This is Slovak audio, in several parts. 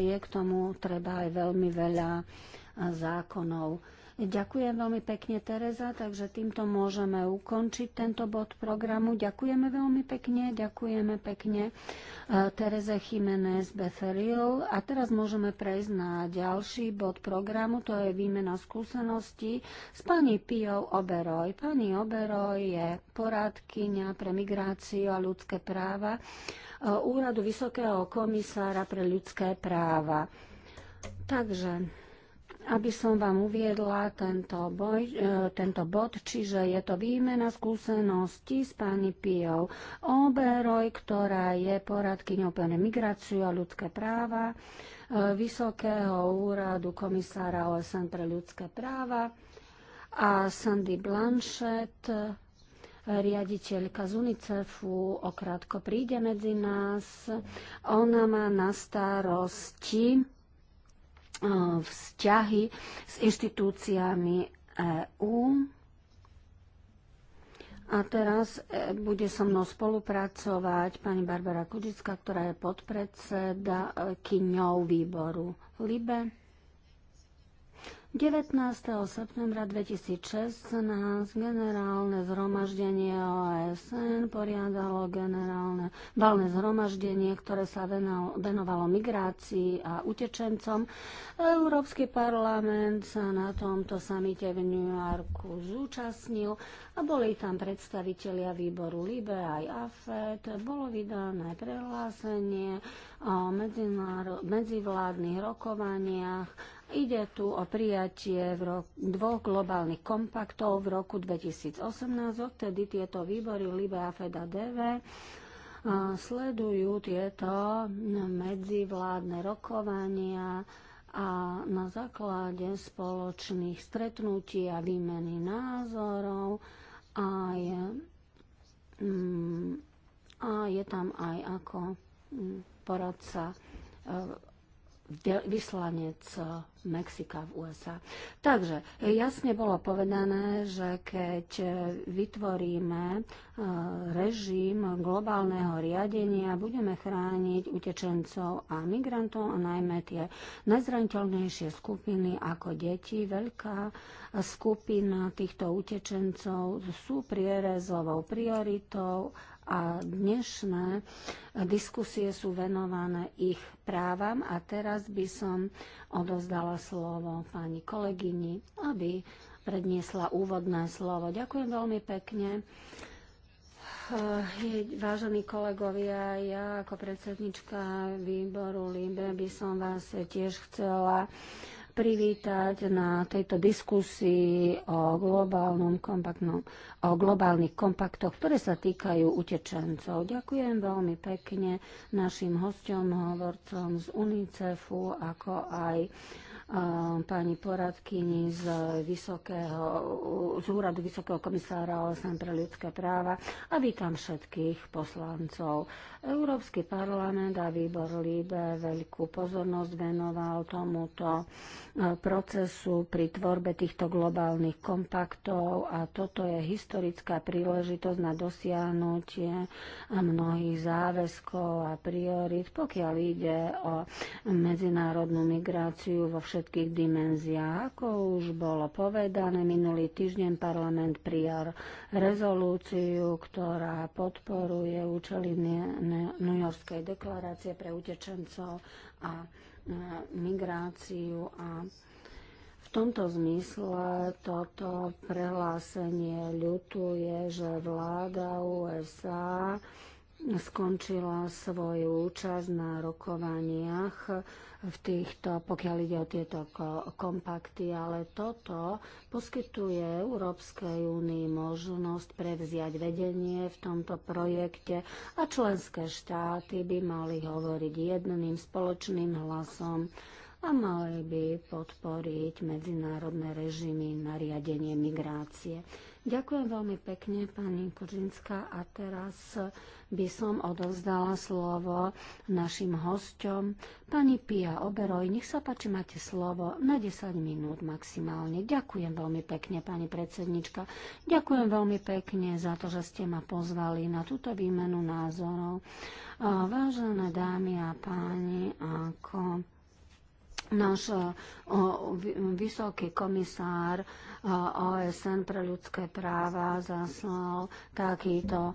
je k tomu treba aj veľmi veľa eh, zákonov. Ďakujem veľmi pekne, Tereza, takže týmto môžeme ukončiť tento bod programu. Ďakujeme veľmi pekne, ďakujeme pekne eh, Tereze Jiménez Beferil. A teraz môžeme prejsť na ďalší bod programu, to je výmena skúseností s pani Pijou Oberoj. Pani Oberoj je poradkyňa pre migráciu a ľudské práva eh, Úradu Vysokého komisára pre ľudské práva. Takže aby som vám uviedla tento, boj, e, tento bod, čiže je to výmena skúseností s pani Pijou Oberoj, ktorá je poradkyňou pre migráciu a ľudské práva e, Vysokého úradu komisára OSN pre ľudské práva a Sandy Blanchett, riaditeľka z UNICEFu, okrátko príde medzi nás. Ona má na starosti Eh, vzťahy s inštitúciami EÚ. A teraz eh, bude so mnou spolupracovať pani Barbara Kudická, ktorá je podpredseda kyňou výboru LIBE. 19. septembra 2016 generálne zhromaždenie OSN poriadalo generálne valné zhromaždenie, ktoré sa venovalo migrácii a utečencom. Európsky parlament sa na tomto samite v New Yorku zúčastnil a boli tam predstavitelia výboru LIBE aj AFET. Bolo vydané prehlásenie o medzivládnych rokovaniach Ide tu o prijatie v ro- dvoch globálnych kompaktov v roku 2018. Odtedy tieto výbory Libe a Feda DV sledujú tieto medzivládne rokovania a na základe spoločných stretnutí a výmeny názorov aj, mm, a je tam aj ako mm, poradca e, vyslanec e, Mexika v USA. Takže e, jasne bolo povedané, že keď e, vytvoríme režim globálneho riadenia, budeme chrániť utečencov a migrantov, a najmä tie najzraniteľnejšie skupiny ako deti. Veľká skupina týchto utečencov sú prierezovou prioritou a dnešné diskusie sú venované ich právam a teraz by som odozdala slovo pani kolegyni, aby predniesla úvodné slovo. Ďakujem veľmi pekne. Eh, vážení kolegovia, ja ako predsednička výboru LIBE by som vás tiež chcela privítať na tejto diskusii o, globálnom kompaktnom, o globálnych kompaktoch, ktoré sa týkajú utečencov. Ďakujem veľmi pekne našim hostom, hovorcom z UNICEFu, ako aj pani poradkyni z, vysokého, z úradu Vysokého komisára OSN pre ľudské práva a vítam všetkých poslancov. Európsky parlament a výbor Líbe veľkú pozornosť venoval tomuto e, procesu pri tvorbe týchto globálnych kompaktov a toto je historická príležitosť na dosiahnutie mnohých záväzkov a priorit, pokiaľ ide o medzinárodnú migráciu vo všetkých všetkých dimenziách. Ako už bolo povedané, minulý týždeň parlament prijal rezolúciu, ktorá podporuje účely New Yorkskej deklarácie pre utečencov a migráciu a v tomto zmysle toto prehlásenie ľutuje, že vláda USA skončila svoju účasť na rokovaniach v týchto, pokiaľ ide o tieto kompakty, ale toto poskytuje Európskej únii možnosť prevziať vedenie v tomto projekte a členské štáty by mali hovoriť jedným spoločným hlasom a mali by podporiť medzinárodné režimy nariadenie migrácie. Ďakujem veľmi pekne, pani Kožinská. A teraz by som odovzdala slovo našim hostom. Pani Pia Oberoj, nech sa páči, máte slovo na 10 minút maximálne. Ďakujem veľmi pekne, pani predsednička. Ďakujem veľmi pekne za to, že ste ma pozvali na túto výmenu názorov. Vážené dámy a páni, ako náš e, vysoký komisár e, OSN pre ľudské práva zaslal takýto e,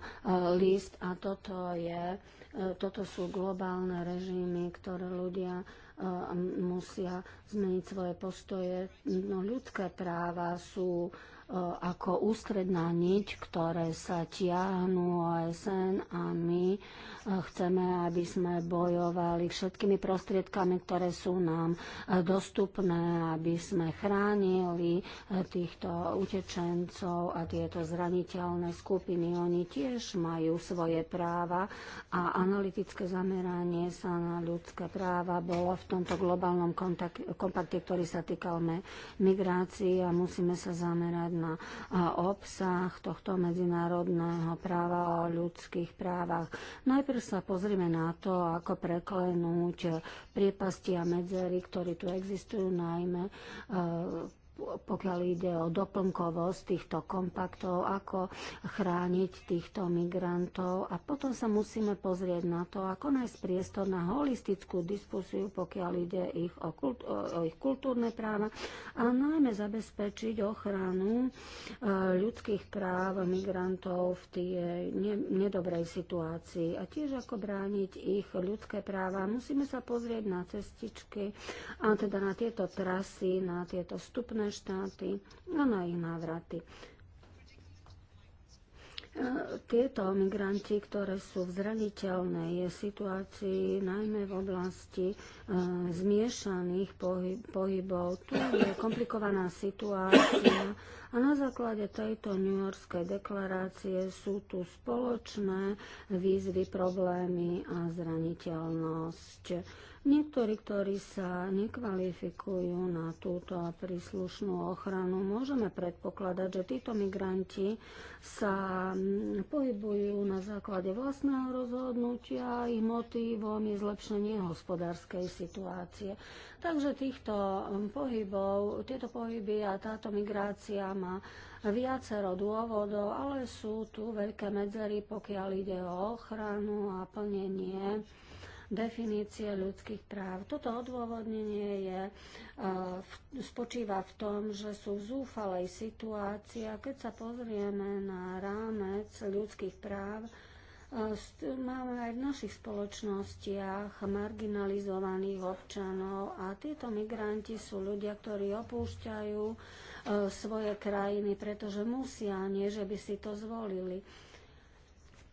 list a toto, je, toto sú globálne režimy, ktoré ľudia musia zmeniť svoje postoje. No, ľudské práva sú Eh, ako ústredná niť, ktoré sa tiahnú OSN a my eh, chceme, aby sme bojovali všetkými prostriedkami, ktoré sú nám eh, dostupné, aby sme chránili týchto utečencov a tieto zraniteľné skupiny. Oni tiež majú svoje práva a analytické zameranie sa na ľudské práva bolo v tomto globálnom kompakte, ktorý sa týkal migrácií a musíme sa zamerať na obsah tohto medzinárodného práva o ľudských právach. Najprv sa pozrieme na to, ako preklenúť priepasti a medzery, ktoré tu existujú, najmä e, pokiaľ ide o doplnkovosť týchto kompaktov, ako chrániť týchto migrantov. A potom sa musíme pozrieť na to, ako nájsť priestor na holistickú diskusiu, pokiaľ ide ich o, kult, o, o ich kultúrne práva a najmä zabezpečiť ochranu e, ľudských práv migrantov v ne, nedobrej situácii a tiež ako brániť ich ľudské práva. Musíme sa pozrieť na cestičky a teda na tieto trasy, na tieto vstupné Spojené štáty a na ich návraty. E, tieto migranti, ktoré sú v zraniteľnej situácii, najmä v oblasti e, zmiešaných pohybov, tu je komplikovaná situácia a na základe tejto New Yorkskej deklarácie sú tu spoločné výzvy, problémy a zraniteľnosť. Niektorí, ktorí sa nekvalifikujú na túto príslušnú ochranu, môžeme predpokladať, že títo migranti sa mm, pohybujú na základe vlastného rozhodnutia, ich motívom je zlepšenie hospodárskej situácie. Takže týchto um, pohybov, tieto pohyby a táto migrácia má viacero dôvodov, ale sú tu veľké medzery, pokiaľ ide o ochranu a plnenie definície ľudských práv. Toto odôvodnenie je, uh, spočíva v tom, že sú v zúfalej situácii a keď sa pozrieme na rámec ľudských práv, Máme aj v našich spoločnostiach marginalizovaných občanov a títo migranti sú ľudia, ktorí opúšťajú e, svoje krajiny, pretože musia, nie že by si to zvolili.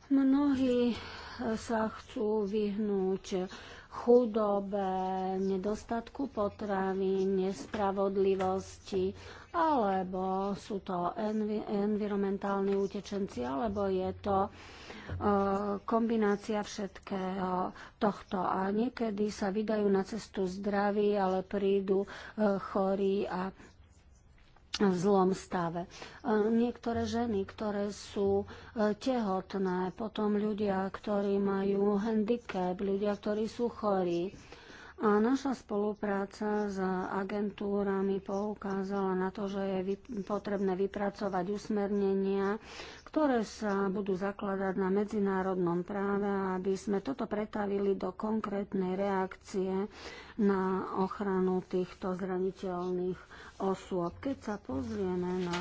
Mnohí e, sa chcú vyhnúť chudobe, nedostatku potravy, nespravodlivosti, alebo sú to envi- environmentálni utečenci, alebo je to uh, E, kombinácia všetkého tohto. A niekedy sa vydajú na cestu zdraví, ale prídu e, chorí a v zlom stave. E, niektoré ženy, ktoré sú tehotné, potom ľudia, ktorí majú handicap, ľudia, ktorí sú chorí. A naša spolupráca s agentúrami poukázala na to, že je potrebné vypracovať usmernenia ktoré sa budú zakladať na medzinárodnom práve, aby sme toto pretavili do konkrétnej reakcie na ochranu týchto zraniteľných osôb. Keď sa pozrieme na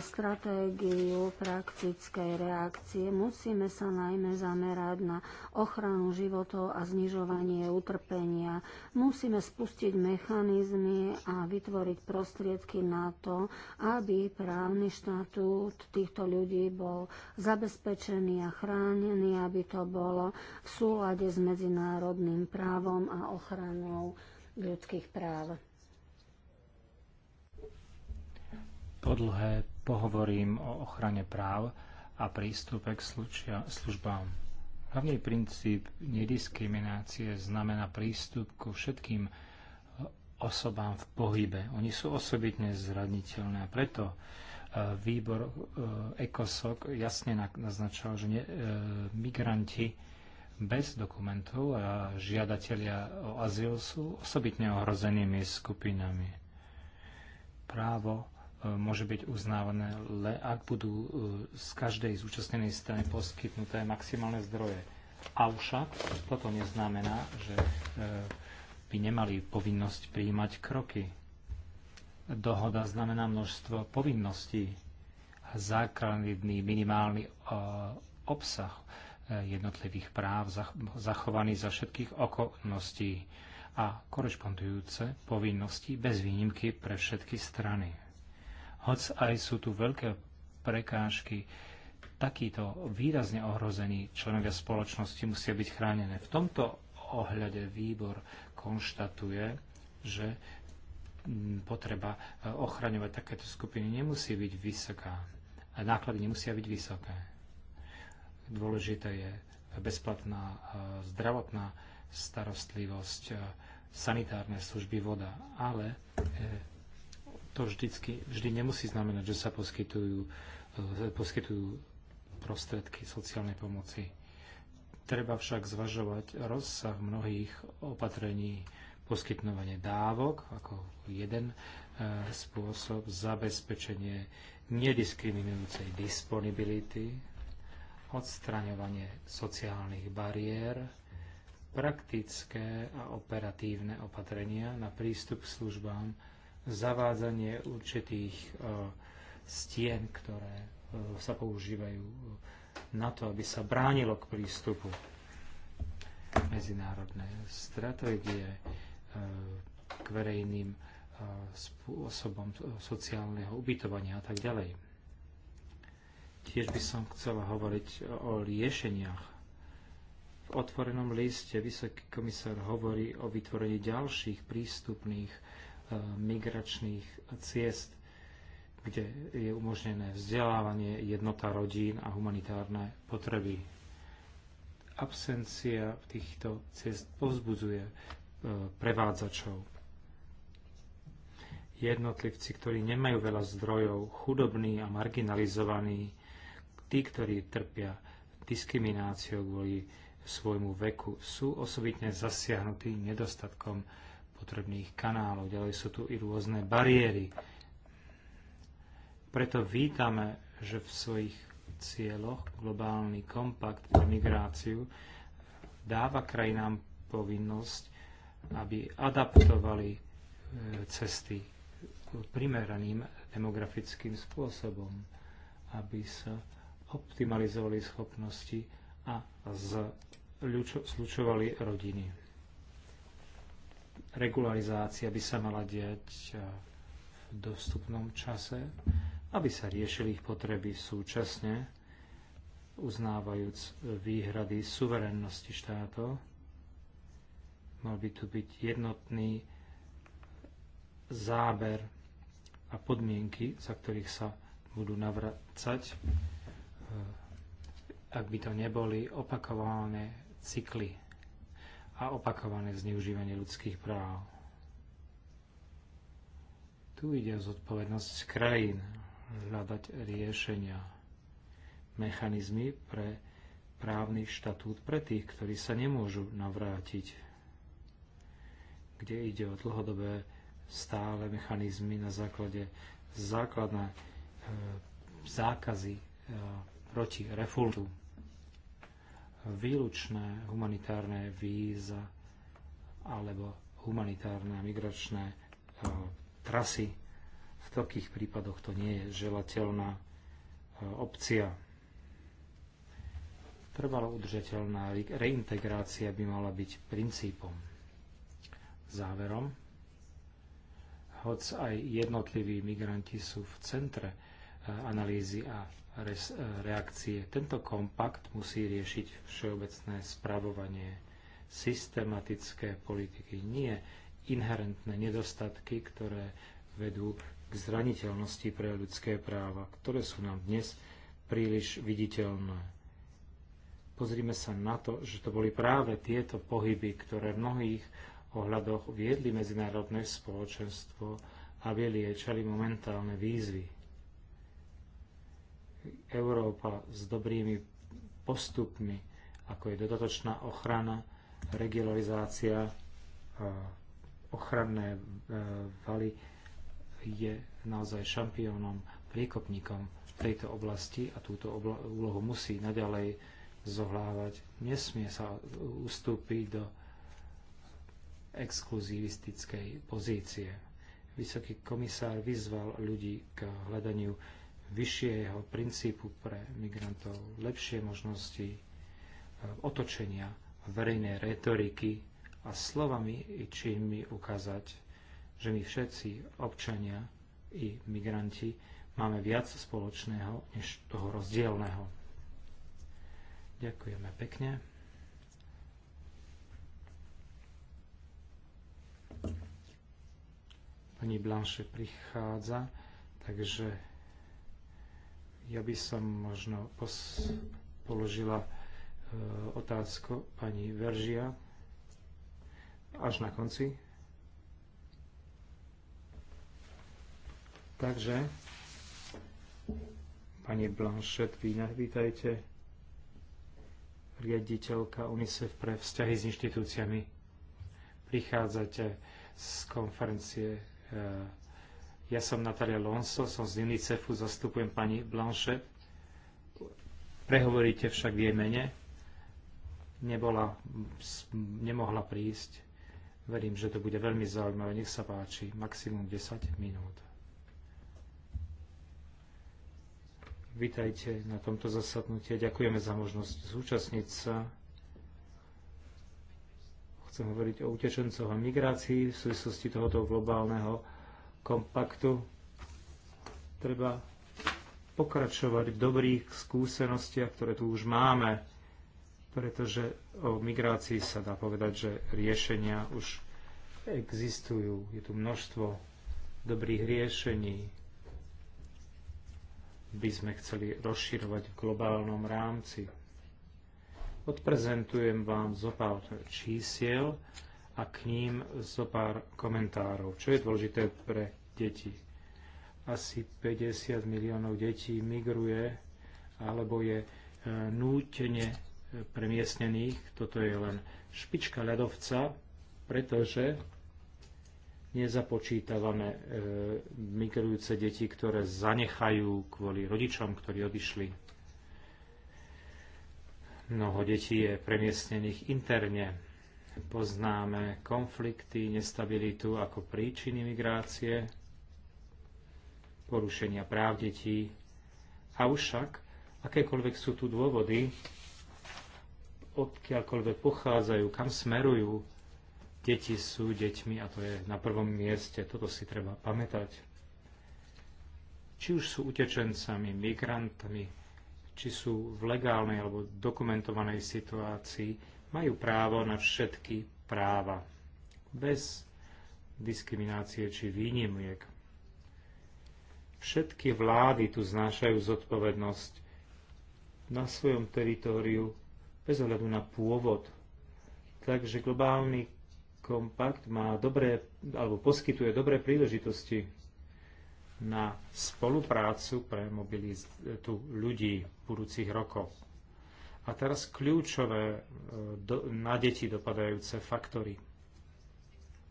stratégiu praktickej reakcie, musíme sa najmä zamerať na ochranu životov a znižovanie utrpenia. Musíme spustiť mechanizmy a vytvoriť prostriedky na to, aby právny štatút týchto ľudí bol bol zabezpečený a chránený, aby to bolo v súlade s medzinárodným právom a ochranou ľudských práv. Podlhé pohovorím o ochrane práv a prístupe k službám. Hlavný princíp nediskriminácie znamená prístup ku všetkým osobám v pohybe. Oni sú osobitne zraditeľné a preto výbor e, ECOSOC jasne naznačal, že e, migranti bez dokumentov a žiadatelia o azyl sú osobitne ohrozenými skupinami. Právo e, môže byť uznávané, le ak budú z každej zúčastnenej strany poskytnuté maximálne zdroje. Avšak toto neznamená, že by nemali povinnosť prijímať kroky dohoda znamená množstvo povinností a základný minimálny e, obsah e, jednotlivých práv zachovaný za všetkých okolností a korešpondujúce povinnosti bez výnimky pre všetky strany. Hoc aj sú tu veľké prekážky, takíto výrazne ohrození členovia spoločnosti musia byť chránené. V tomto ohľade výbor konštatuje, že potreba e, ochraňovať takéto skupiny nemusí byť vysoká. A náklady nemusia byť vysoké. Dôležité je bezplatná e, zdravotná starostlivosť, e, sanitárne služby, voda. Ale to vždycky, vždy nemusí znamenať, že sa poskytujú, poskytujú prostredky sociálnej pomoci. Treba však zvažovať rozsah mnohých opatrení, poskytnovanie dávok ako jeden e, spôsob zabezpečenie nediskriminujúcej disponibility, odstraňovanie sociálnych bariér, praktické a operatívne opatrenia na prístup k službám, zavádzanie určitých e, stien, ktoré e, sa používajú na to, aby sa bránilo k prístupu medzinárodné stratégie k verejným e, spôsobom sociálneho ubytovania a tak ďalej. Tiež by som chcela hovoriť o riešeniach. V otvorenom liste vysoký komisár hovorí o vytvorení ďalších prístupných e, migračných ciest, kde je umožnené vzdelávanie, jednota rodín a humanitárne potreby. Absencia týchto ciest povzbudzuje E, prevádzačov. Jednotlivci, ktorí nemajú veľa zdrojov, chudobní a marginalizovaní, tí, ktorí trpia diskrimináciou kvôli svojmu veku, sú osobitne zasiahnutí nedostatkom potrebných kanálov. Ďalej sú tu i rôzne bariéry. Preto vítame, že v svojich cieľoch globálny kompakt pre migráciu dáva krajinám povinnosť aby adaptovali e, cesty primeraným demografickým spôsobom, aby sa optimalizovali schopnosti a zlučovali rodiny. Regularizácia by sa mala diať e, v dostupnom čase, aby sa riešili ich potreby súčasne, uznávajúc výhrady suverennosti štátov, Mal by tu byť jednotný záber a podmienky, za ktorých sa budú navracať, eh, ak by to neboli opakované cykly a opakované zneužívanie ľudských práv. Tu ide o zodpovednosť krajín hľadať riešenia, mechanizmy pre právny štatút pre tých, ktorí sa nemôžu navrátiť kde ide o dlhodobé stále mechanizmy na základe základné e, zákazy e, proti refultu, výlučné humanitárne víza alebo humanitárne a migračné e, trasy. V takých prípadoch to nie je želateľná e, opcia. Trvalo udržateľná reintegrácia by mala byť princípom záverom, hoc aj jednotliví migranti sú v centre eh, analýzy a eh, reakcie. Tento kompakt musí riešiť všeobecné spravovanie, systematické politiky, nie inherentné nedostatky, ktoré vedú k zraniteľnosti pre ľudské práva, ktoré sú nám dnes príliš viditeľné. Pozrime sa na to, že to boli práve tieto pohyby, ktoré mnohých ohľadoch viedli medzinárodné spoločenstvo, aby liečali momentálne výzvy. Európa s dobrými postupmi, ako je dodatočná ochrana, regionalizácia, ochranné e, valy, je naozaj šampiónom, priekopníkom v tejto oblasti a túto úlohu musí naďalej zohlávať. Nesmie sa ustúpiť do exkluzivistickej pozície. Vysoký komisár vyzval ľudí k hľadaniu vyššieho princípu pre migrantov, lepšie možnosti e, otočenia verejnej retoriky a slovami i činmi ukázať, že my všetci, občania i migranti, máme viac spoločného než toho rozdielného. Ďakujeme pekne. Pani Blanche prichádza, takže ja by som možno položila e, otázku pani Veržia až na konci. Takže, pani Blanchet, vy vítajte, riaditeľka UNICEF pre vzťahy s inštitúciami. Prichádzate z konferencie Eh, ja som Natalia Lonso, som z UNICEFu, zastupujem pani Blanche. Prehovoríte však v jej mene. Nebola, nemohla prísť. Verím, že to bude veľmi zaujímavé. Nech sa páči, maximum 10 minút. Vítajte na tomto zasadnutie. Ďakujeme za možnosť zúčastniť sa. Chcem hovoriť o utečencoch a migrácii v súvislosti tohoto globálneho kompaktu. Treba pokračovať v dobrých skúsenostiach, ktoré tu už máme, pretože o migrácii sa dá povedať, že riešenia už existujú. Je tu množstvo dobrých riešení. By sme chceli rozširovať v globálnom rámci. Odprezentujem vám zo pár čísiel a k ním zo pár komentárov. Čo je dôležité pre deti? Asi 50 miliónov detí migruje alebo je e, nútene e, premiestnených. Toto je len špička ľadovca, pretože nezapočítavame e, migrujúce deti, ktoré zanechajú kvôli rodičom, ktorí odišli Mnoho detí je premiestnených interne. Poznáme konflikty, nestabilitu ako príčiny migrácie, porušenia práv detí. Avšak, akékoľvek sú tu dôvody, odkiaľkoľvek pochádzajú, kam smerujú, deti sú deťmi a to je na prvom mieste. Toto si treba pamätať. Či už sú utečencami, migrantami, či sú v legálnej alebo dokumentovanej situácii, majú právo na všetky práva bez diskriminácie či výnimiek. Všetky vlády tu znášajú zodpovednosť na svojom teritóriu bez ohľadu na pôvod. Takže globálny kompakt má dobré, alebo poskytuje dobré príležitosti na spoluprácu pre mobilitu ľudí v budúcich rokov. A teraz kľúčové e, do, na deti dopadajúce faktory.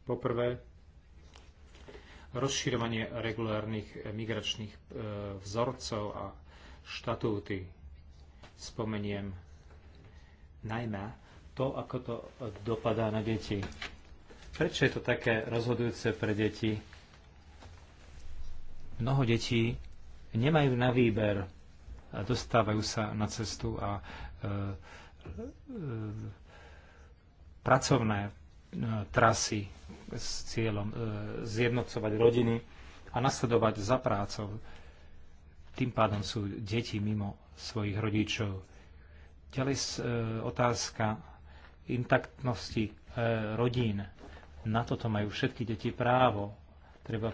Poprvé, rozširovanie regulárnych migračných e, vzorcov a štatúty. Spomeniem najmä to, ako to dopadá na deti. Prečo je to také rozhodujúce pre deti? Mnoho detí nemajú na výber, dostávajú sa na cestu a e, e, pracovné e, trasy s cieľom zjednocovať rodiny a nasledovať za prácou. Tým pádom sú deti mimo svojich rodičov. Ďalej otázka intaktnosti rodín. Na toto majú všetky deti právo. Treba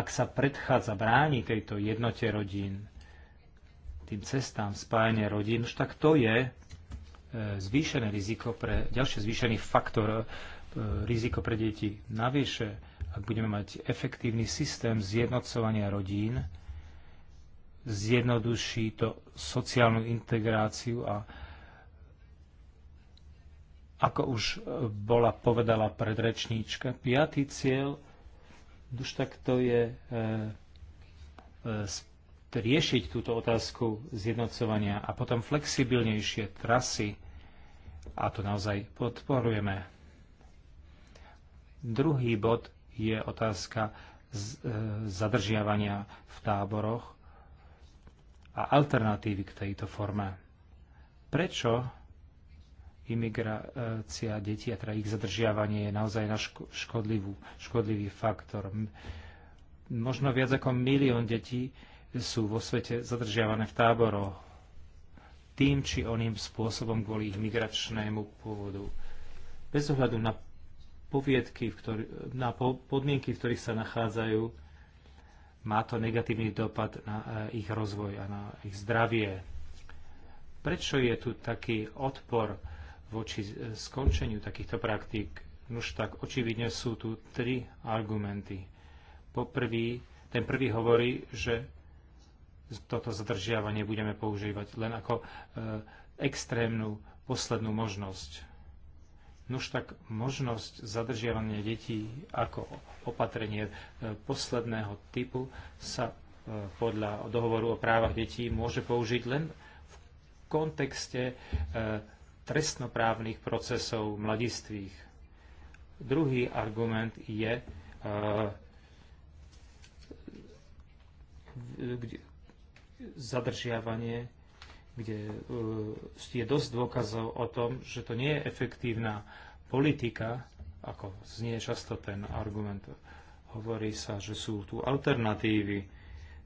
ak sa predchádza bráni tejto jednote rodín, tým cestám spájania rodín, už tak to je e, zvýšené riziko pre, ďalšie zvýšený faktor e, riziko pre deti. Navyše, ak budeme mať efektívny systém zjednocovania rodín, zjednoduší to sociálnu integráciu a ako už e, bola povedala predrečníčka, piatý cieľ už tak to je e, e, riešiť túto otázku zjednocovania a potom flexibilnejšie trasy a to naozaj podporujeme. Druhý bod je otázka z, e, zadržiavania v táboroch a alternatívy k tejto forme. Prečo imigrácia detí a teda ich zadržiavanie je naozaj na škodlivú, škodlivý faktor. Možno viac ako milión detí sú vo svete zadržiavané v táboroch tým či oným spôsobom kvôli ich migračnému pôvodu. Bez ohľadu na poviedky, v ktorý, na podmienky, v ktorých sa nachádzajú, má to negatívny dopad na e, ich rozvoj a na ich zdravie. Prečo je tu taký odpor voči e, skončeniu takýchto praktík. už tak očividne sú tu tri argumenty. Poprvý, ten prvý hovorí, že toto zadržiavanie budeme používať len ako e, extrémnu poslednú možnosť. Nuž tak možnosť zadržiavania detí ako opatrenie e, posledného typu sa e, podľa dohovoru o právach detí môže použiť len v kontexte e, trestnoprávnych procesov mladistvých. Druhý argument je, e, kde, zadržiavanie, kde e, je dosť dôkazov o tom, že to nie je efektívna politika, ako znie často ten argument. Hovorí sa, že sú tu alternatívy,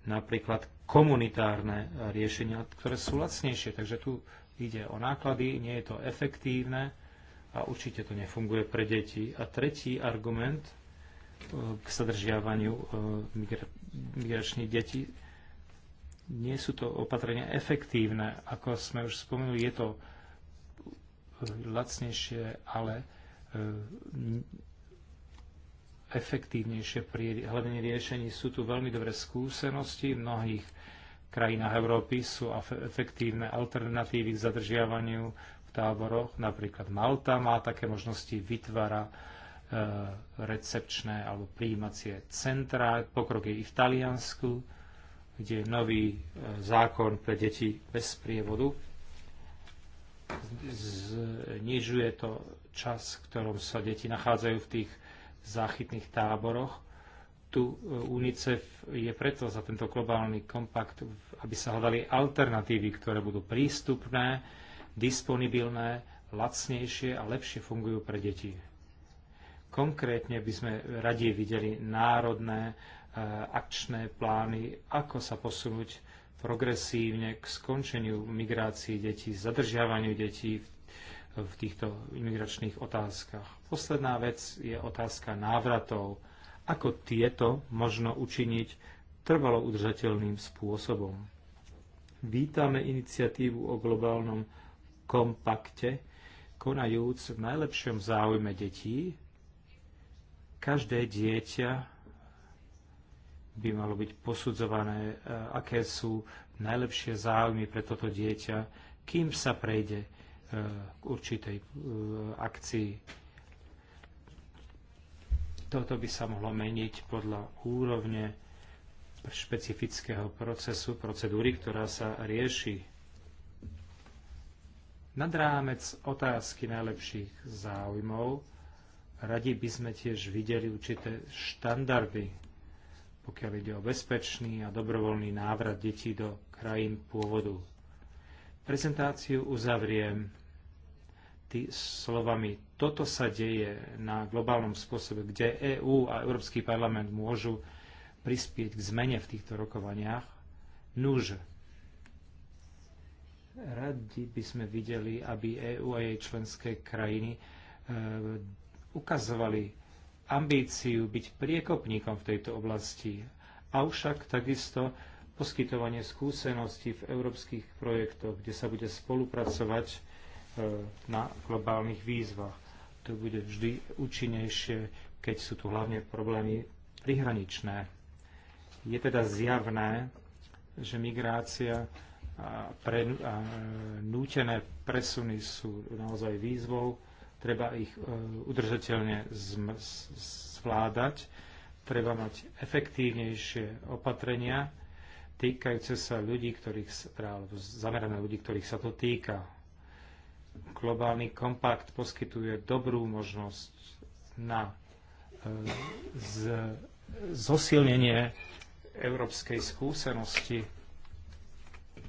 napríklad komunitárne riešenia, ktoré sú lacnejšie. Takže tu ide o náklady, nie je to efektívne a určite to nefunguje pre deti. A tretí argument eh, k zadržiavaniu eh, migračných detí, nie sú to opatrenia efektívne. Ako sme už spomenuli, je to eh, lacnejšie, ale efektívnejšie pri hľadení riešení. Sú tu veľmi dobré skúsenosti mnohých krajinách Európy sú efektívne alternatívy k zadržiavaniu v táboroch. Napríklad Malta má také možnosti, vytvára e, recepčné alebo príjímacie centra. Pokrok je i v Taliansku, kde je nový e, zákon pre deti bez prievodu. Znižuje to čas, v ktorom sa deti nachádzajú v tých záchytných táboroch tu e, UNICEF je preto za tento globálny kompakt, aby sa hľadali alternatívy, ktoré budú prístupné, disponibilné, lacnejšie a lepšie fungujú pre deti. Konkrétne by sme radie videli národné e, akčné plány, ako sa posunúť progresívne k skončeniu migrácií detí, zadržiavaniu detí v týchto imigračných otázkach. Posledná vec je otázka návratov ako tieto možno učiniť trvalo udržateľným spôsobom. Vítame iniciatívu o globálnom kompakte, konajúc v najlepšom záujme detí. Každé dieťa by malo byť posudzované, e, aké sú najlepšie záujmy pre toto dieťa, kým sa prejde e, k určitej e, akcii toto by sa mohlo meniť podľa úrovne špecifického procesu, procedúry, ktorá sa rieši. Nad rámec otázky najlepších záujmov radi by sme tiež videli určité štandardy, pokiaľ ide o bezpečný a dobrovoľný návrat detí do krajín pôvodu. Prezentáciu uzavriem slovami toto sa deje na globálnom spôsobe, kde EÚ a Európsky parlament môžu prispieť k zmene v týchto rokovaniach, núže. Radi by sme videli, aby EÚ a jej členské krajiny e, ukazovali ambíciu byť priekopníkom v tejto oblasti, avšak takisto poskytovanie skúseností v európskych projektoch, kde sa bude spolupracovať e, na globálnych výzvach to bude vždy účinnejšie, keď sú tu hlavne problémy prihraničné. Je teda zjavné, že migrácia a, pre, a e, nútené presuny sú naozaj výzvou, treba ich e, udržateľne zm, zvládať, treba mať efektívnejšie opatrenia týkajúce sa ľudí, ktorých, teda, zamerané ľudí, ktorých sa to týka Globálny kompakt poskytuje dobrú možnosť na e, z, zosilnenie európskej skúsenosti.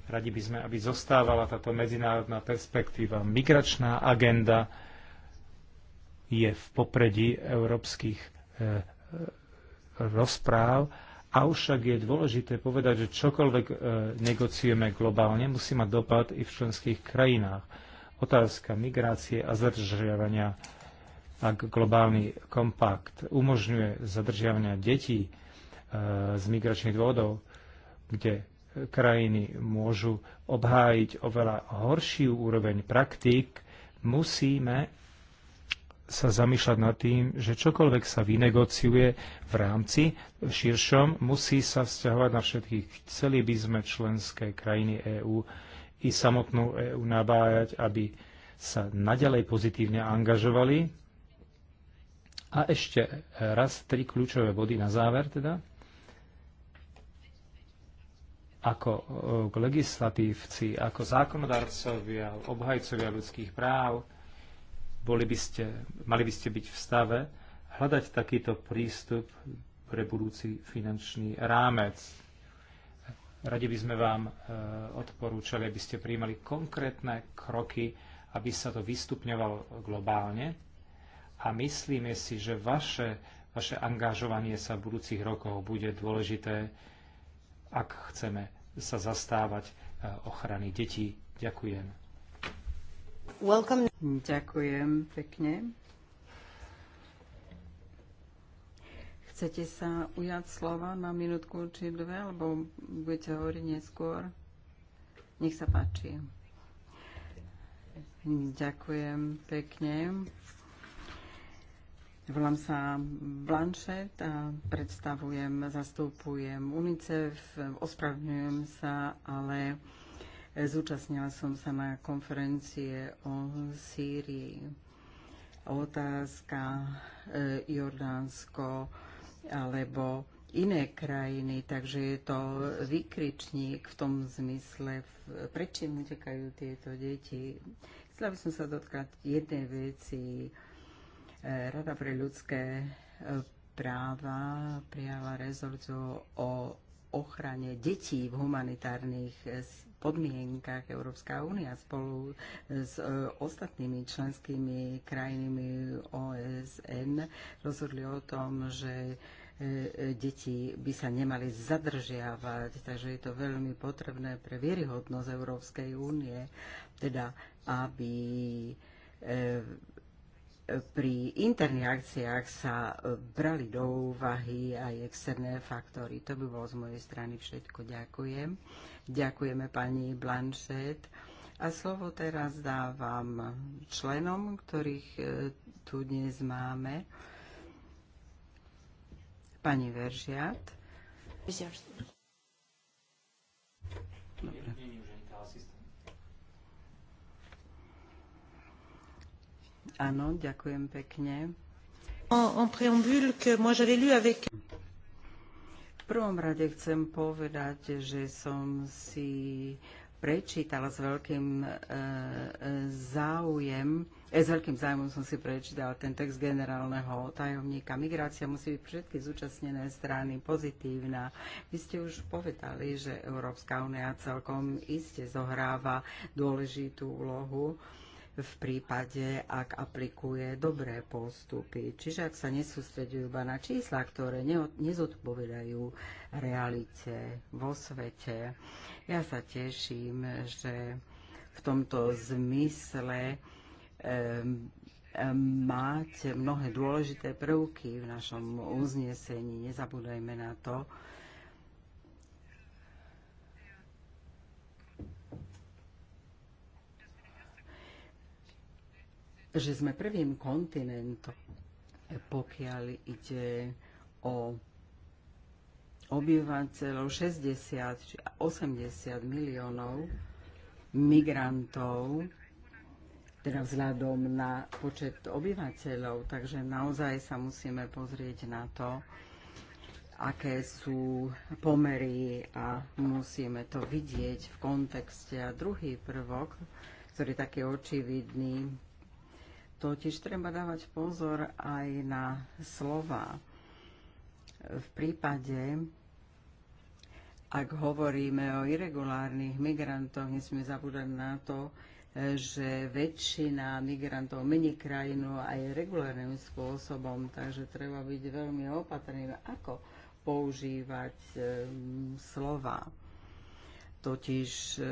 Radi by sme, aby zostávala táto medzinárodná perspektíva. Migračná agenda je v popredí európskych e, e rozpráv, avšak je dôležité povedať, že čokoľvek e, negociujeme globálne, musí mať dopad i v členských krajinách Otázka migrácie a zadržiavania. Ak globálny kompakt umožňuje zadržiavania detí e, z migračných dôvodov, kde krajiny môžu obhájiť oveľa horšiu úroveň praktík, musíme sa zamýšľať nad tým, že čokoľvek sa vynegociuje v rámci v širšom, musí sa vzťahovať na všetkých. Chceli by sme členské krajiny EÚ i samotnú EÚ nabájať, aby sa naďalej pozitívne angažovali. A ešte raz tri kľúčové body na záver teda. Ako e, legislatívci, ako zákonodarcovia, obhajcovia ľudských práv, boli by ste, mali by ste byť v stave hľadať takýto prístup pre budúci finančný rámec Radi by sme vám e, odporúčali, aby ste prijímali konkrétne kroky, aby sa to vystupňovalo globálne. A myslíme si, že vaše, vaše angažovanie sa v budúcich rokoch bude dôležité, ak chceme sa zastávať e, ochrany detí. Ďakujem. Welcome. Ďakujem pekne. Chcete sa ujať slova? Mám minútku či dve, alebo budete hovoriť neskôr? Nech sa páči. Ďakujem pekne. Volám sa Blanchet a predstavujem, zastupujem UNICEF, ospravňujem sa, ale zúčastnila som sa na konferencie o Sýrii. Otázka e, Jordánsko, alebo iné krajiny, takže je to vykričník v tom zmysle, prečím utekajú tieto deti. Chcela by som sa dotkať jednej veci. E, Rada pre ľudské e, práva prijala rezolúciu o ochrane detí v humanitárnych podmienkach Európska únia spolu s e, ostatnými členskými krajinami OSN rozhodli o tom, že e, e, deti by sa nemali zadržiavať, takže je to veľmi potrebné pre vieryhodnosť Európskej únie, teda aby pri interných akciách sa brali do úvahy aj externé faktory. To by bolo z mojej strany všetko. Ďakujem. Ďakujeme pani Blanchet. A slovo teraz dávam členom, ktorých e, tu dnes máme. Pani Veržiat. Dobre. Áno, ďakujem pekne. En, en préambule que moi j'avais lu avec prvom rade chcem povedať, že som si prečítala s veľkým e, záujem, e, s veľkým záujmom som si prečítala ten text generálneho tajomníka. Migrácia musí byť všetky zúčastnené strany pozitívna. Vy ste už povedali, že Európska únia celkom iste zohráva dôležitú úlohu. E, v prípade, ak aplikuje dobré postupy. Čiže ak sa nesústredujú iba na čísla, ktoré nezodpovedajú realite vo svete. Ja sa teším, že v tomto zmysle um, máte mnohé dôležité prvky v našom uznesení. Nezabúdajme na to, že sme prvým kontinentom, pokiaľ ide o obyvateľov 60 či 80 miliónov migrantov, teda vzhľadom na počet obyvateľov. Takže naozaj sa musíme pozrieť na to, aké sú pomery a musíme to vidieť v kontexte. A druhý prvok, ktorý je taký očividný, Totiž treba dávať pozor aj na slova. V prípade, ak hovoríme o irregulárnych migrantoch, nesmie zabúdať na to, že väčšina migrantov mení krajinu aj regulárnym spôsobom, takže treba byť veľmi opatrný, ako používať e, slova. Totiž e,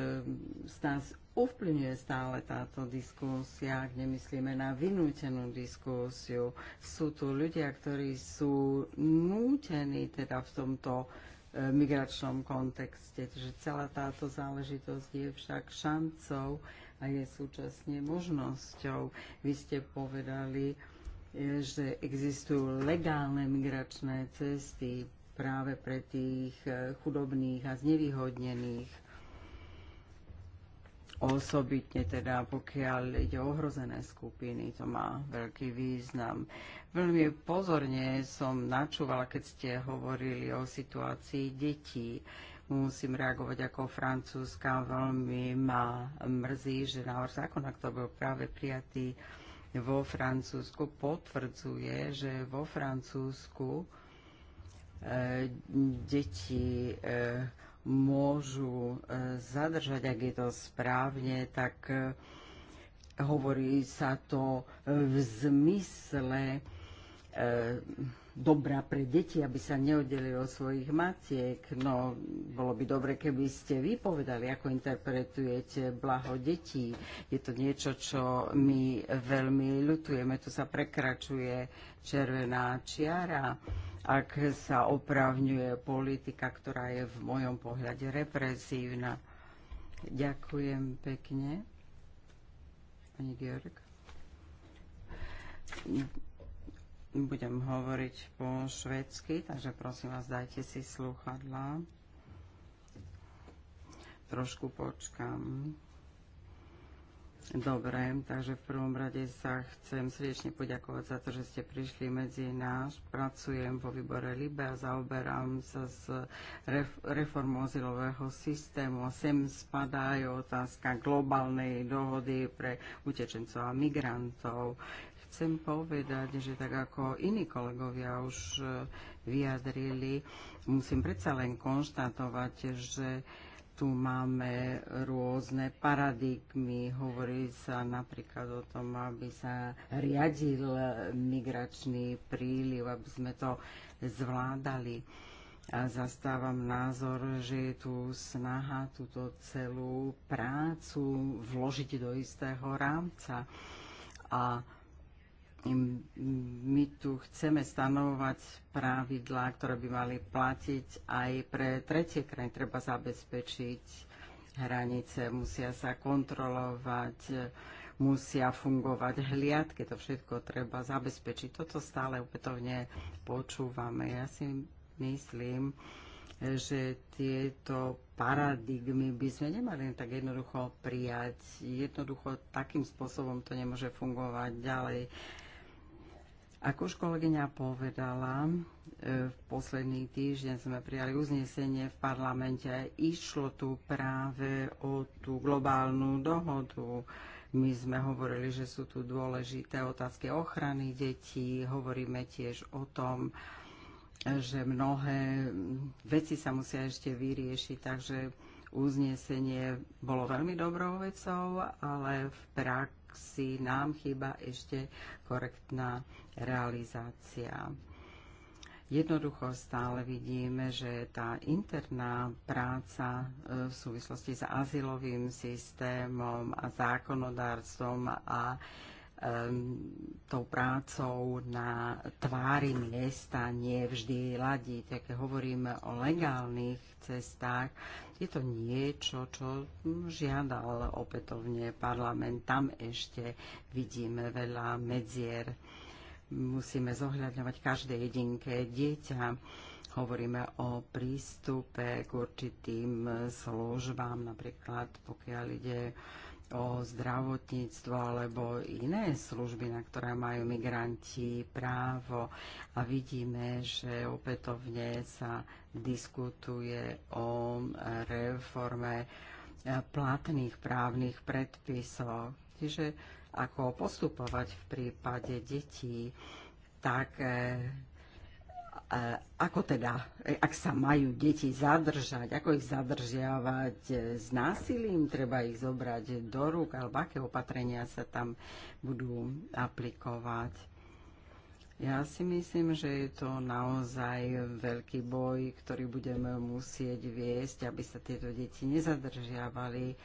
z nás ovplyvňuje stále táto diskusia, ak nemyslíme na vynútenú diskusiu. Sú tu ľudia, ktorí sú nútení teda v tomto e, migračnom kontexte. Takže celá táto záležitosť je však šancou a je súčasne možnosťou. Vy ste povedali, e, že existujú legálne migračné cesty práve pre tých e, chudobných a znevýhodnených osobitne teda pokiaľ ide o ohrozené skupiny, to má veľký význam. Veľmi pozorne som načúvala, keď ste hovorili o situácii detí. Musím reagovať ako francúzska. Veľmi ma mrzí, že návrh zákona, ktorý bol práve prijatý vo Francúzsku, potvrdzuje, že vo Francúzsku e, deti e, môžu e, zadržať, ak je to správne, tak e, hovorí sa to v zmysle e, dobrá pre deti, aby sa neoddelili od svojich matiek. No, bolo by dobre, keby ste vy povedali, ako interpretujete blaho detí. Je to niečo, čo my veľmi ľutujeme. Tu sa prekračuje červená čiara ak sa opravňuje politika, ktorá je v mojom pohľade represívna. Ďakujem pekne. Pani Georg. Budem hovoriť po švedsky, takže prosím vás, dajte si sluchadla. Trošku počkam. Dobre, takže v prvom rade sa chcem srdečne poďakovať za to, že ste prišli medzi nás. Pracujem vo výbore LIBE a zaoberám sa s reformou azylového systému. Sem spadá aj otázka globálnej dohody pre utečencov a migrantov. Chcem povedať, že tak ako iní kolegovia už eh, vyjadrili, musím predsa len konštatovať, že tu máme rôzne paradigmy. Hovorí sa napríklad o tom, aby sa riadil migračný príliv, aby sme to zvládali. A zastávam názor, že je tu snaha túto celú prácu vložiť do istého rámca. A my tu chceme stanovovať pravidlá, ktoré by mali platiť aj pre tretie krajiny. Treba zabezpečiť hranice, musia sa kontrolovať, musia fungovať hliadky, to všetko treba zabezpečiť. Toto stále opätovne počúvame. Ja si myslím, že tieto paradigmy by sme nemali tak jednoducho prijať. Jednoducho takým spôsobom to nemôže fungovať ďalej. Ako už kolegyňa povedala, e, v posledný týždeň sme prijali uznesenie v parlamente. Išlo tu práve o tú globálnu dohodu. My sme hovorili, že sú tu dôležité otázky ochrany detí. Hovoríme tiež o tom, že mnohé veci sa musia ešte vyriešiť, takže uznesenie bolo veľmi dobrou vecou, ale v praxi nám chýba ešte korektná realizácia. Jednoducho stále vidíme, že tá interná práca e, v súvislosti s azylovým systémom a zákonodárstvom a tou prácou na tvári miesta nie vždy ladí. Tak hovoríme o legálnych cestách. Je to niečo, čo žiadal opätovne parlament. Tam ešte vidíme veľa medzier musíme zohľadňovať každé jedinké dieťa. Hovoríme o prístupe k určitým službám, napríklad pokiaľ ide o zdravotníctvo alebo iné služby, na ktoré majú migranti právo. A vidíme, že opätovne sa diskutuje o reforme platných právnych predpisov. Čiže ako postupovať v prípade detí, tak e, e, ako teda, e, ak sa majú deti zadržať, ako ich zadržiavať s násilím, treba ich zobrať do rúk, alebo aké opatrenia sa tam budú aplikovať. Ja si myslím, že je to naozaj veľký boj, ktorý budeme musieť viesť, aby sa tieto deti nezadržiavali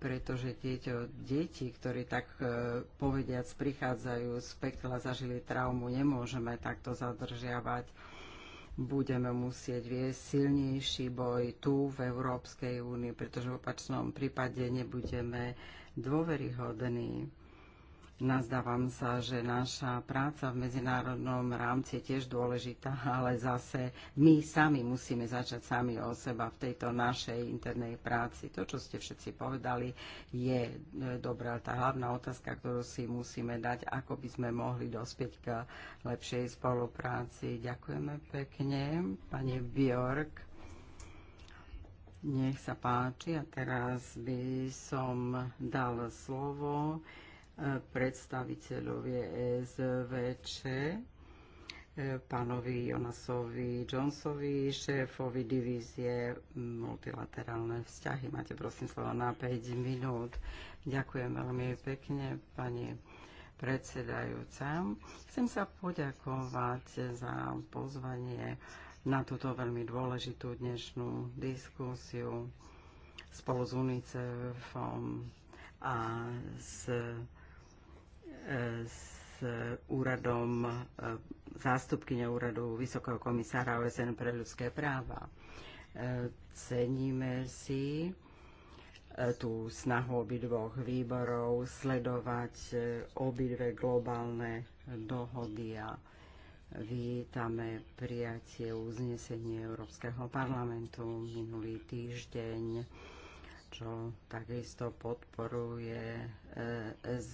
pretože tieto deti, ktorí tak e, povediac prichádzajú z pekla, zažili traumu, nemôžeme takto zadržiavať. Budeme musieť viesť silnejší boj tu v Európskej únii, pretože v opačnom prípade nebudeme dôveryhodní Nazdávam sa, že naša práca v medzinárodnom rámci je tiež dôležitá, ale zase my sami musíme začať sami o seba v tejto našej internej práci. To, čo ste všetci povedali, je e, dobrá tá hlavná otázka, ktorú si musíme dať, ako by sme mohli dospieť k lepšej spolupráci. Ďakujeme pekne, pani Bjork. Nech sa páči a teraz by som dal slovo predstaviteľovie SVČ, pánovi Jonasovi Jonesovi, šéfovi divízie multilaterálne vzťahy. Máte prosím slova na 5 minút. Ďakujem veľmi pekne, pani predsedajúca. Chcem sa poďakovať za pozvanie na túto veľmi dôležitú dnešnú diskusiu spolu s UNICEFom a s s úradom e, zástupkyne úradu Vysokého komisára OSN pre ľudské práva. E, ceníme si e, tú snahu obidvoch výborov sledovať obidve globálne dohody a vítame prijatie uznesenie Európskeho parlamentu minulý týždeň, čo takisto podporuje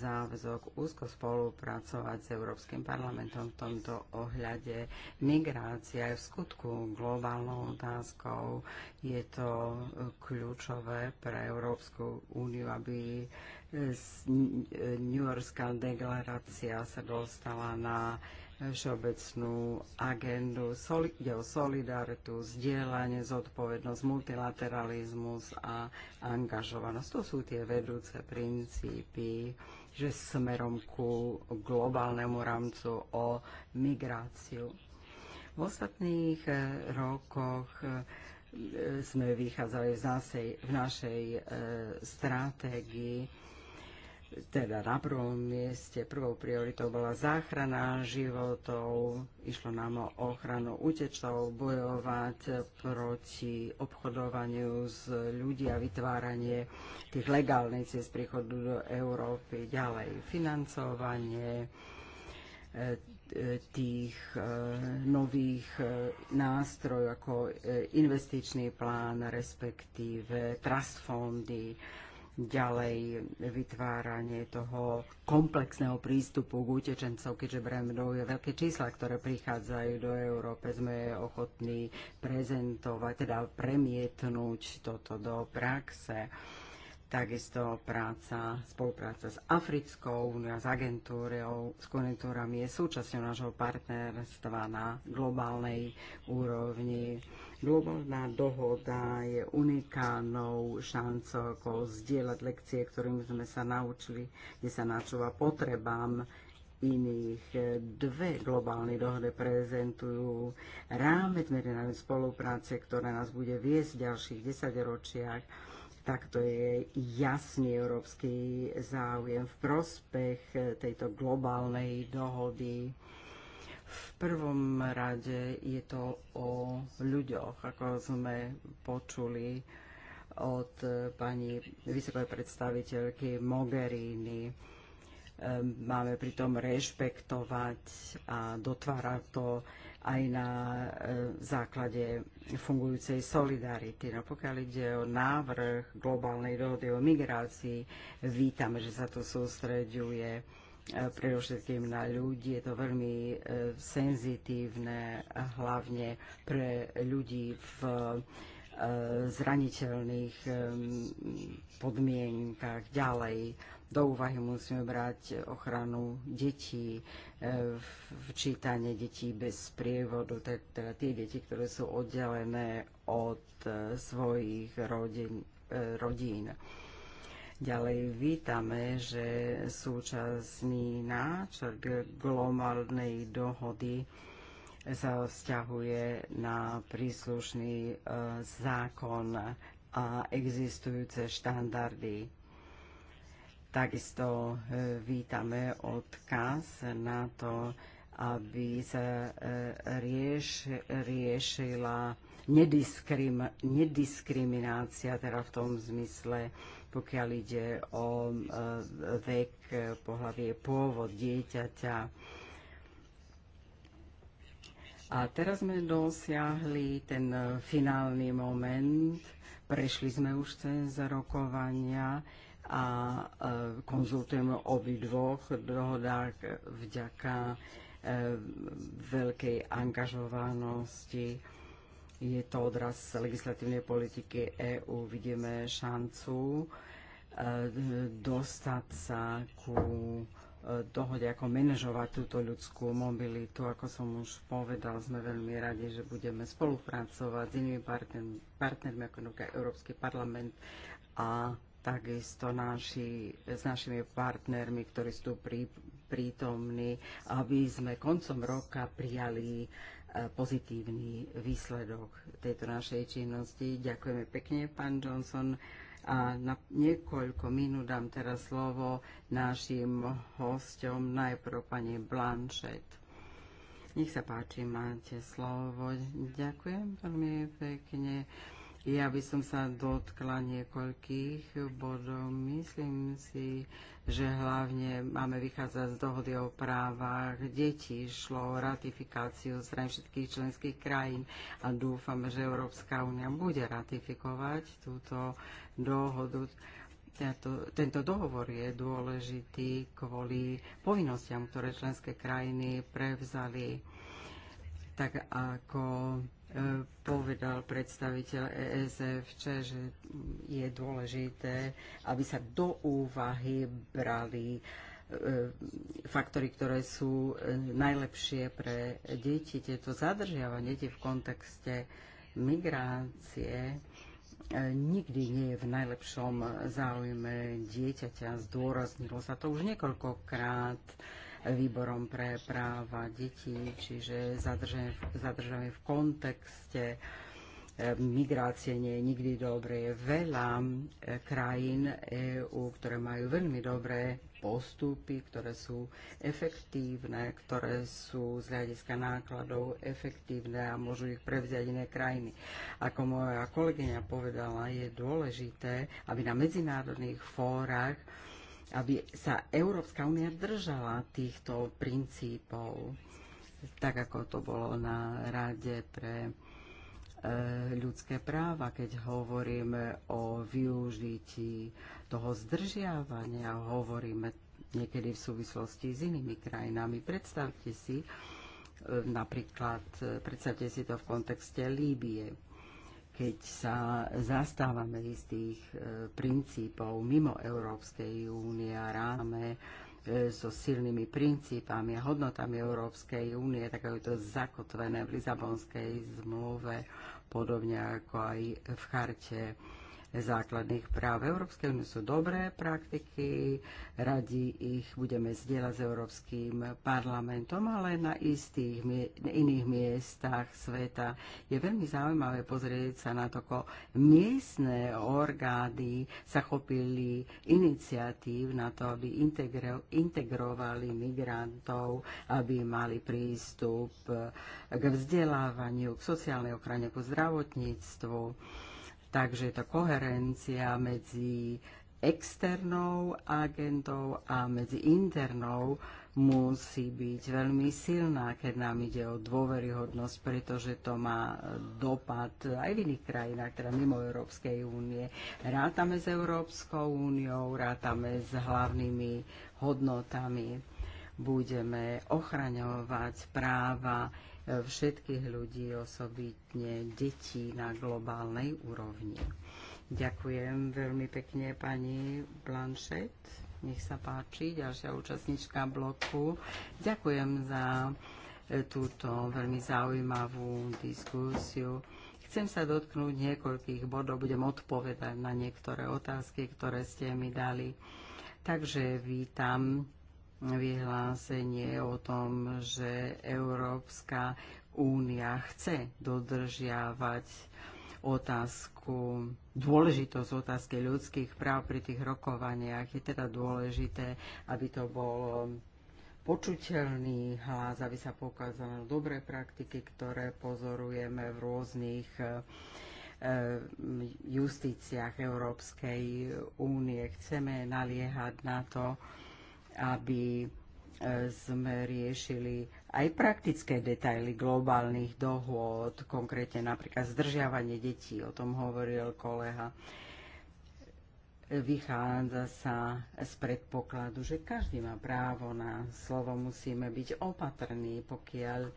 záväzok úzko spolupracovať s Európskym parlamentom v tomto ohľade. Migrácia je v skutku globálnou otázkou. Je to kľúčové pre Európsku úniu, aby New Yorkská deklarácia sa dostala na všeobecnú agendu. ide o solidaritu, zdieľanie, zodpovednosť, multilateralizmus a angažovanosť. To sú tie vedúce princípy, že smerom ku globálnemu rámcu o migráciu. V ostatných eh, rokoch eh, sme vychádzali v našej, v našej e, stratégii teda na prvom mieste prvou prioritou bola záchrana životov, išlo nám o ochranu utečov, bojovať proti obchodovaniu s ľudí a vytváranie tých legálnych cest príchodu do Európy, ďalej financovanie e, e, tých e, nových nástrojov ako investičný plán, respektíve trust fondy, ďalej vytváranie toho komplexného prístupu k utečencov, keďže bereme do veľké čísla, ktoré prichádzajú do Európe. Sme ochotní prezentovať, teda premietnúť toto do praxe. Takisto práca, spolupráca s Africkou, no s agentúrou, s konjunktúrami je súčasťou nášho partnerstva na globálnej úrovni. Globálna dohoda je unikálnou šancou ako zdieľať lekcie, ktorým sme sa naučili, kde sa načúva potrebám iných. Dve globálne dohody prezentujú rámec medzinárodnej spolupráce, ktorá nás bude viesť v ďalších desaťročiach tak to je jasný európsky záujem v prospech eh, tejto globálnej dohody. V prvom rade je to o ľuďoch, ako sme počuli od eh, pani vysokovej predstaviteľky Mogherini Ehm, máme pritom rešpektovať a dotvára to aj na ehm, základe fungujúcej solidarity. No pokiaľ ide o návrh globálnej dohody o migrácii, vítame, že sa to sústreďuje ehm, predovšetkým na ľudí. Je to veľmi senzitívne, hlavne pre ľudí v zraniteľných podmienkach ďalej do úvahy musíme brať ochranu detí, e, včítanie detí bez prievodu, teda tie deti, ktoré sú oddelené od e, svojich rodin, e, rodín. Ďalej vítame, že súčasný náčrt globálnej dohody sa vzťahuje na príslušný zákon a existujúce štandardy Takisto e, vítame odkaz na to, aby sa e, rieš, riešila nediskrim, nediskriminácia, teda v tom zmysle, pokiaľ ide o e, vek, pohľavie, pôvod dieťaťa. A teraz sme dosiahli ten finálny moment, prešli sme už cez rokovania, a e, konzultujeme o obidvoch dohodách vďaka e, veľkej angažovanosti. Je to odraz legislatívnej politiky EÚ. Vidíme šancu e, dostať sa ku dohode, ako manažovať túto ľudskú mobilitu. Ako som už povedal, sme veľmi radi, že budeme spolupracovať s inými partnermi, partnermi ako Európsky parlament a takisto naši, s našimi partnermi, ktorí sú prí, prítomní, aby sme koncom roka prijali e, pozitívny výsledok tejto našej činnosti. Ďakujeme pekne, pán Johnson. A na niekoľko minút dám teraz slovo našim hosťom, najprv pani Blanchet. Nech sa páči, máte slovo. Ďakujem veľmi pekne. Ja by som sa dotkla niekoľkých bodov. Myslím si, že hlavne máme vychádzať z dohody o právach detí. Šlo o ratifikáciu strany všetkých členských krajín a dúfame, že Európska únia bude ratifikovať túto dohodu. Tento, tento dohovor je dôležitý kvôli povinnostiam, ktoré členské krajiny prevzali tak ako povedal predstaviteľ ESF, že je dôležité, aby sa do úvahy brali e, faktory, ktoré sú najlepšie pre deti. Tieto zadržiavanie deti v kontexte migrácie e, nikdy nie je v najlepšom záujme dieťaťa. Zdôraznilo sa to už niekoľkokrát výborom pre práva detí, čiže zadržanie v kontexte e, migrácie nie je nikdy dobré. Je veľa e, krajín EÚ, ktoré majú veľmi dobré postupy, ktoré sú efektívne, ktoré sú z hľadiska nákladov efektívne a môžu ich prevziať iné krajiny. Ako moja kolegyňa povedala, je dôležité, aby na medzinárodných fórach aby sa Európska únia držala týchto princípov, tak ako to bolo na Rade pre e, ľudské práva, keď hovoríme o využití toho zdržiavania, hovoríme niekedy v súvislosti s inými krajinami. Predstavte si, e, napríklad, e, predstavte si to v kontexte Líbie keď sa zastávame istých e, princípov mimo Európskej únie a ráme e, so silnými princípami a hodnotami Európskej únie, tak je to zakotvené v Lisabonskej zmluve, podobne ako aj v charte základných práv. Európskej únie sú dobré praktiky, radi ich budeme zdieľať s Európskym parlamentom, ale na istých iných miestach sveta je veľmi zaujímavé pozrieť sa na to, ako miestne orgány sa chopili iniciatív na to, aby integro, integrovali migrantov, aby mali prístup k vzdelávaniu, k sociálnej ochrane, ku zdravotníctvu Takže je to koherencia medzi externou agendou a medzi internou musí byť veľmi silná, keď nám ide o dôveryhodnosť, pretože to má dopad aj v iných krajinách, teda mimo Európskej únie. Rátame s Európskou úniou, rátame s hlavnými hodnotami, budeme ochraňovať práva všetkých ľudí, osobitne detí na globálnej úrovni. Ďakujem veľmi pekne pani Blanchet. Nech sa páči, ďalšia účastnička bloku. Ďakujem za e, túto veľmi zaujímavú diskusiu. Chcem sa dotknúť niekoľkých bodov, budem odpovedať na niektoré otázky, ktoré ste mi dali. Takže vítam vyhlásenie o tom, že Európska únia chce dodržiavať otázku, dôležitosť otázky ľudských práv pri tých rokovaniach. Je teda dôležité, aby to bol počuteľný hlas, aby sa na dobré praktiky, ktoré pozorujeme v rôznych e, justíciách Európskej únie. Chceme naliehať na to, aby e, sme riešili aj praktické detaily globálnych dohôd, konkrétne napríklad zdržiavanie detí, o tom hovoril kolega. Vychádza sa z predpokladu, že každý má právo na slovo, musíme byť opatrní, pokiaľ e,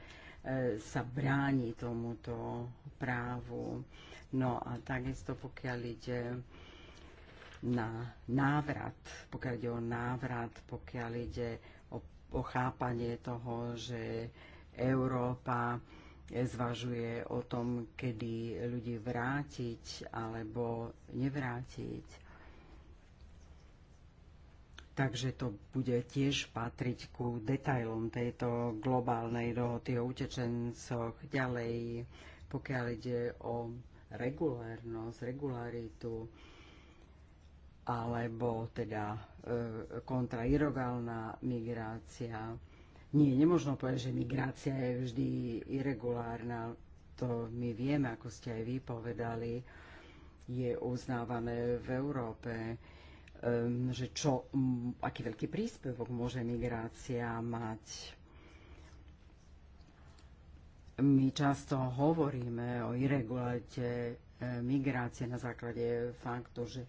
sa bráni tomuto právu. No a takisto pokiaľ ide na návrat, pokiaľ ide o návrat, pokiaľ ide o, o chápanie toho, že Európa zvažuje o tom, kedy ľudí vrátiť alebo nevrátiť. Takže to bude tiež patriť ku detailom tejto globálnej dohody o utečencoch. Ďalej, pokiaľ ide o regulárnosť, regularitu, alebo teda e, kontrairogálna migrácia. Nie, nemožno povedať, že migrácia je vždy irregulárna. To my vieme, ako ste aj vy povedali, je uznávané v Európe, že čo, aký veľký príspevok môže migrácia mať my často hovoríme o irregularite e, migrácie na základe faktu, že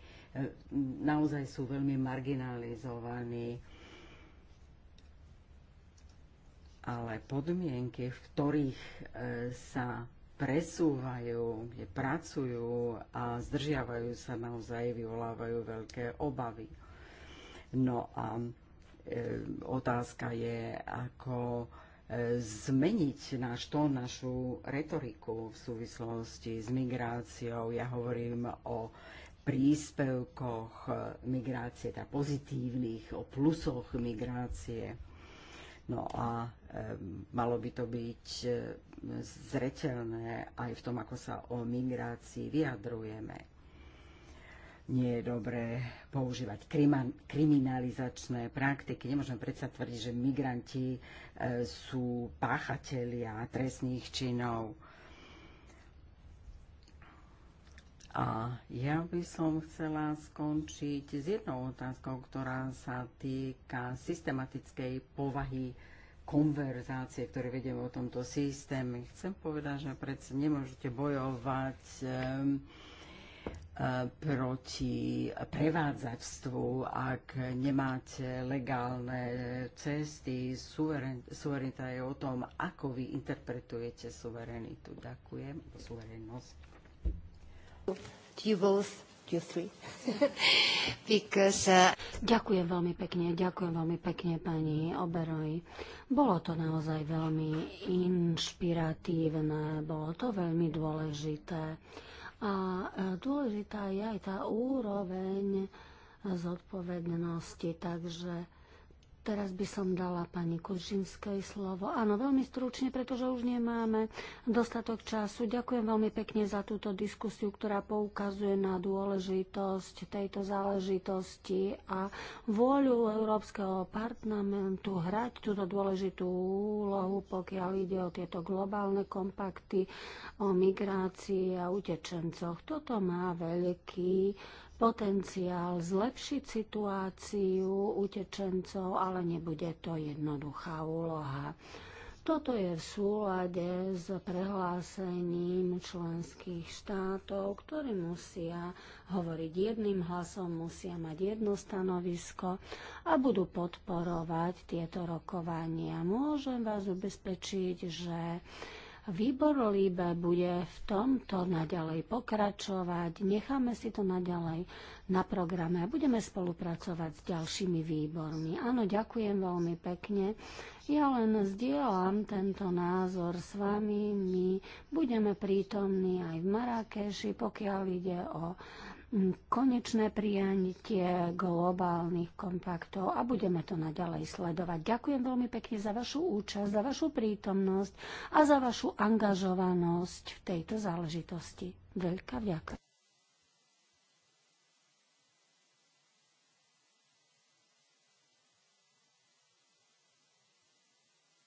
naozaj sú veľmi marginalizovaní. Ale podmienky, v ktorých e, sa presúvajú, kde pracujú a zdržiavajú sa naozaj, vyvolávajú veľké obavy. No a e, otázka je, ako e, zmeniť náš tón, našu retoriku v súvislosti s migráciou. Ja hovorím o príspevkoch migrácie, tá teda pozitívnych, o plusoch migrácie. No a e, malo by to byť e, zreteľné aj v tom, ako sa o migrácii vyjadrujeme. Nie je dobré používať kriminalizačné praktiky. Nemôžeme predsa tvrdiť, že migranti e, sú páchatelia trestných činov A ja by som chcela skončiť s jednou otázkou, ktorá sa týka systematickej povahy konverzácie, ktoré vedeme o tomto systéme. Chcem povedať, že predsa nemôžete bojovať e, proti prevádzačstvu, ak nemáte legálne cesty. Suverenita je o tom, ako vy interpretujete suverenitu. Ďakujem. Suverenosť. To you both. Because, uh... Ďakujem veľmi pekne, ďakujem veľmi pekne pani Oberoj. Bolo to naozaj veľmi inšpiratívne, bolo to veľmi dôležité. A e, dôležitá je aj tá úroveň zodpovednosti, takže Teraz by som dala pani Kužinskej slovo. Áno, veľmi stručne, pretože už nemáme dostatok času. Ďakujem veľmi pekne za túto diskusiu, ktorá poukazuje na dôležitosť tejto záležitosti a vôľu Európskeho parlamentu hrať túto dôležitú úlohu, pokiaľ ide o tieto globálne kompakty, o migrácii a utečencoch. Toto má veľký potenciál zlepšiť situáciu utečencov, ale nebude to jednoduchá úloha. Toto je v súlade s prehlásením členských štátov, ktorí musia hovoriť jedným hlasom, musia mať jedno stanovisko a budú podporovať tieto rokovania. Môžem vás ubezpečiť, že Výbor Líbe bude v tomto naďalej pokračovať. Necháme si to naďalej na programe a budeme spolupracovať s ďalšími výbormi. Áno, ďakujem veľmi pekne. Ja len zdieľam tento názor s vami. My budeme prítomní aj v Marrakeši, pokiaľ ide o konečné prijatie globálnych kompaktov a budeme to naďalej sledovať. Ďakujem veľmi pekne za vašu účasť, za vašu prítomnosť a za vašu angažovanosť v tejto záležitosti. Veľká vďaka.